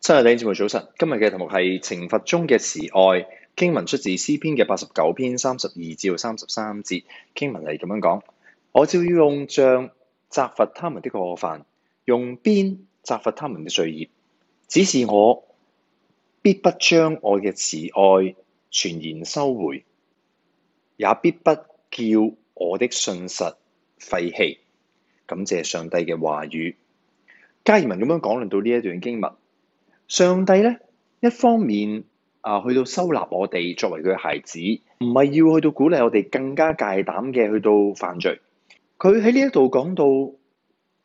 真係，你節目早晨。今日嘅題目係懲罰中嘅慈愛經文，出自詩篇嘅八十九篇三十二至到三十三節經文係咁樣講：我就要用杖責罰他們的過犯，用鞭責罰他們嘅罪孽。只是我必不將我嘅慈愛全然收回，也必不叫我的信實廢棄。感謝上帝嘅話語，加爾文咁樣講論到呢一段經文。上帝咧，一方面啊，去到收納我哋作為佢嘅孩子，唔係要去到鼓勵我哋更加大膽嘅去到犯罪。佢喺呢一度講到，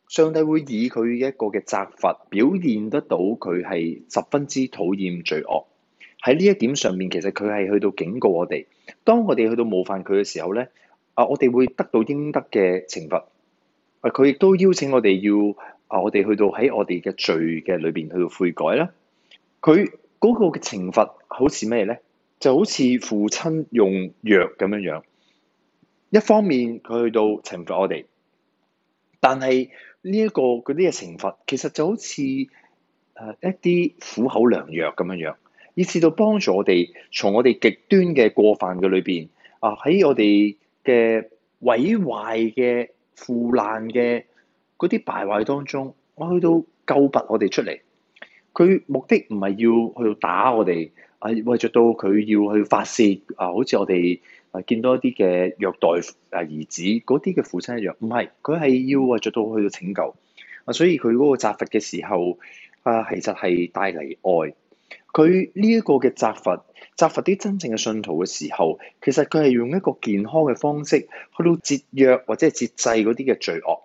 上帝會以佢一個嘅責罰表現得到佢係十分之討厭罪惡。喺呢一點上面，其實佢係去到警告我哋，當我哋去到冒犯佢嘅時候咧，啊，我哋會得到應得嘅懲罰。啊，佢亦都邀請我哋要啊，我哋去到喺我哋嘅罪嘅裏邊去到悔改啦。佢嗰個嘅懲罰好似咩咧？就好似父親用藥咁樣樣，一方面佢去到懲罰我哋，但係呢一個嗰啲嘅懲罰其實就好似誒一啲苦口良藥咁樣樣，以至到幫助我哋從我哋極端嘅過犯嘅裏邊啊，喺我哋嘅毀壞嘅腐爛嘅嗰啲敗壞當中，我去到救拔我哋出嚟。佢目的唔係要去到打我哋，啊為著到佢要去發洩啊，好似我哋見到一啲嘅虐待啊兒子嗰啲嘅父親一樣，唔係，佢係要為著到去到拯救，啊所以佢嗰個責罰嘅時候，啊其實係帶嚟愛。佢呢一個嘅責罰，責罰啲真正嘅信徒嘅時候，其實佢係用一個健康嘅方式去到節約或者節制嗰啲嘅罪惡。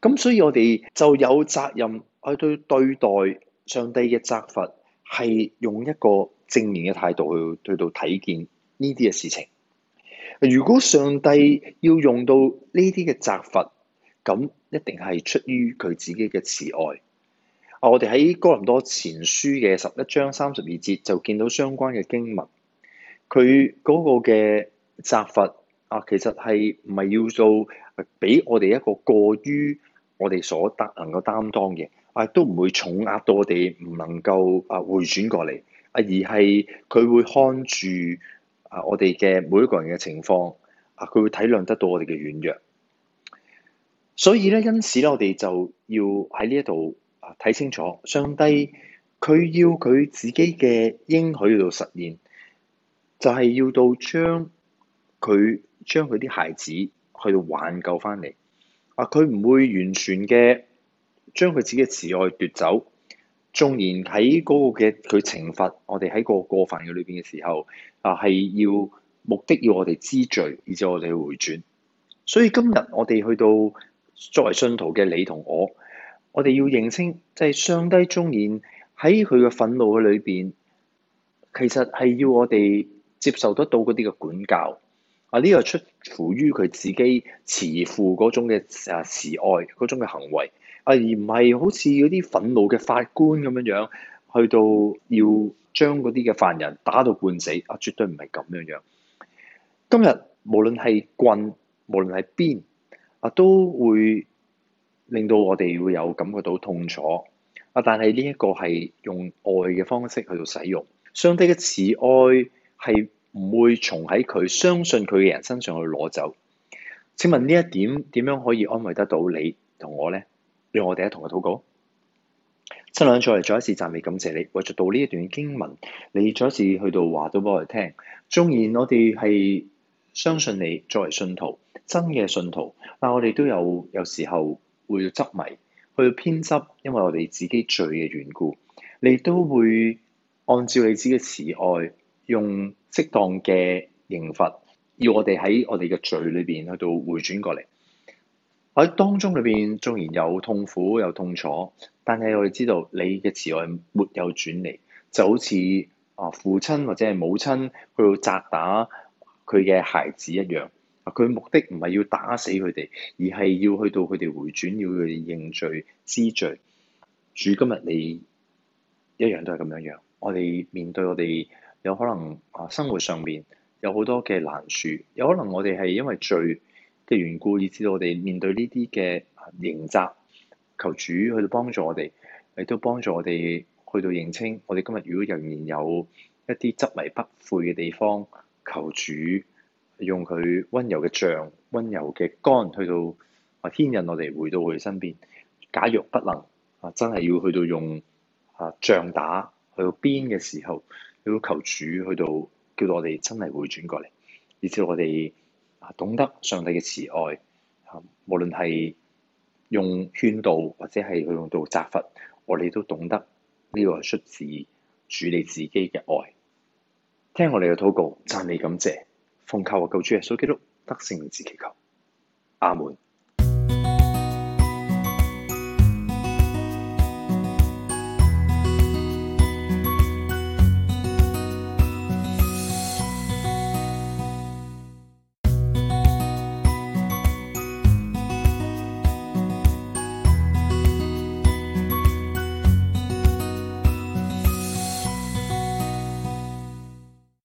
咁所以我哋就有責任去對對待。上帝嘅責罰係用一個正面嘅態度去去到睇見呢啲嘅事情。如果上帝要用到呢啲嘅責罰，咁一定係出於佢自己嘅慈愛。啊，我哋喺哥林多前書嘅十一章三十二節就見到相關嘅經文。佢嗰個嘅責罰啊，其實係唔係要做俾我哋一個過於我哋所得能夠擔當嘅。啊，都唔會重壓到我哋，唔能夠啊回轉過嚟啊，而係佢會看住啊我哋嘅每一個人嘅情況啊，佢會體諒得到我哋嘅軟弱。所以咧，因此咧，我哋就要喺呢一度啊睇清楚，上帝佢要佢自己嘅應許度實現，就係要到將佢將佢啲孩子去到挽救翻嚟啊，佢唔會完全嘅將佢自己嘅慈愛奪走，縱然喺嗰個嘅佢懲罰我哋喺個過犯嘅裏邊嘅時候啊，係要目的要我哋知罪，而且我哋回轉。所以今日我哋去到作為信徒嘅你同我，我哋要認清即係上帝縱然喺佢嘅憤怒嘅裏邊，其實係要我哋接受得到嗰啲嘅管教。呢個、啊、出乎於佢自己慈父嗰種嘅啊慈愛嗰種嘅行為啊，而唔係好似嗰啲憤怒嘅法官咁樣樣，去到要將嗰啲嘅犯人打到半死啊！絕對唔係咁樣樣。今日無論係棍，無論係鞭啊，都會令到我哋會有感覺到痛楚啊！但係呢一個係用愛嘅方式去到使用上帝嘅慈愛係。唔會從喺佢相信佢嘅人身上去攞走。請問呢一點點樣可以安慰得到你同我咧？讓我哋一同去禱告。親倆，再嚟再一次讚美感謝你，為著到呢一段經文，你再一次去到話都俾我哋聽。縱然我哋係相信你作為信徒真嘅信徒，但我哋都有有時候會要執迷去偏執，因為我哋自己罪嘅緣故。你都會按照你自己嘅慈愛用。適當嘅刑罰，要我哋喺我哋嘅罪裏邊去到回轉過嚟。喺當中裏邊，縱然有痛苦，有痛楚，但係我哋知道，你嘅慈愛沒有轉離，就好似啊父親或者係母親去到責打佢嘅孩子一樣。佢目的唔係要打死佢哋，而係要去到佢哋回轉，要佢哋認罪知罪。主今日你一樣都係咁樣樣。我哋面對我哋。有可能啊，生活上面有好多嘅難處，有可能我哋係因為罪嘅緣故，以至到我哋面對呢啲嘅刑責。求主去到幫助我哋，亦都幫助我哋去到認清。我哋今日如果仍然有一啲執迷不悔嘅地方，求主用佢溫柔嘅杖、溫柔嘅竿去到牽引我哋回到佢身邊。假若不能啊，真係要去到用啊杖打去到鞭嘅時候。要求主去到，叫到我哋真係回轉過嚟，以致我哋啊懂得上帝嘅慈愛，啊無論係用勸導或者係去用到責罰，我哋都懂得呢個係出自主你自己嘅愛。聽我哋嘅禱告，讚美感謝，奉靠我救主耶穌基督，得勝自祈求。阿門。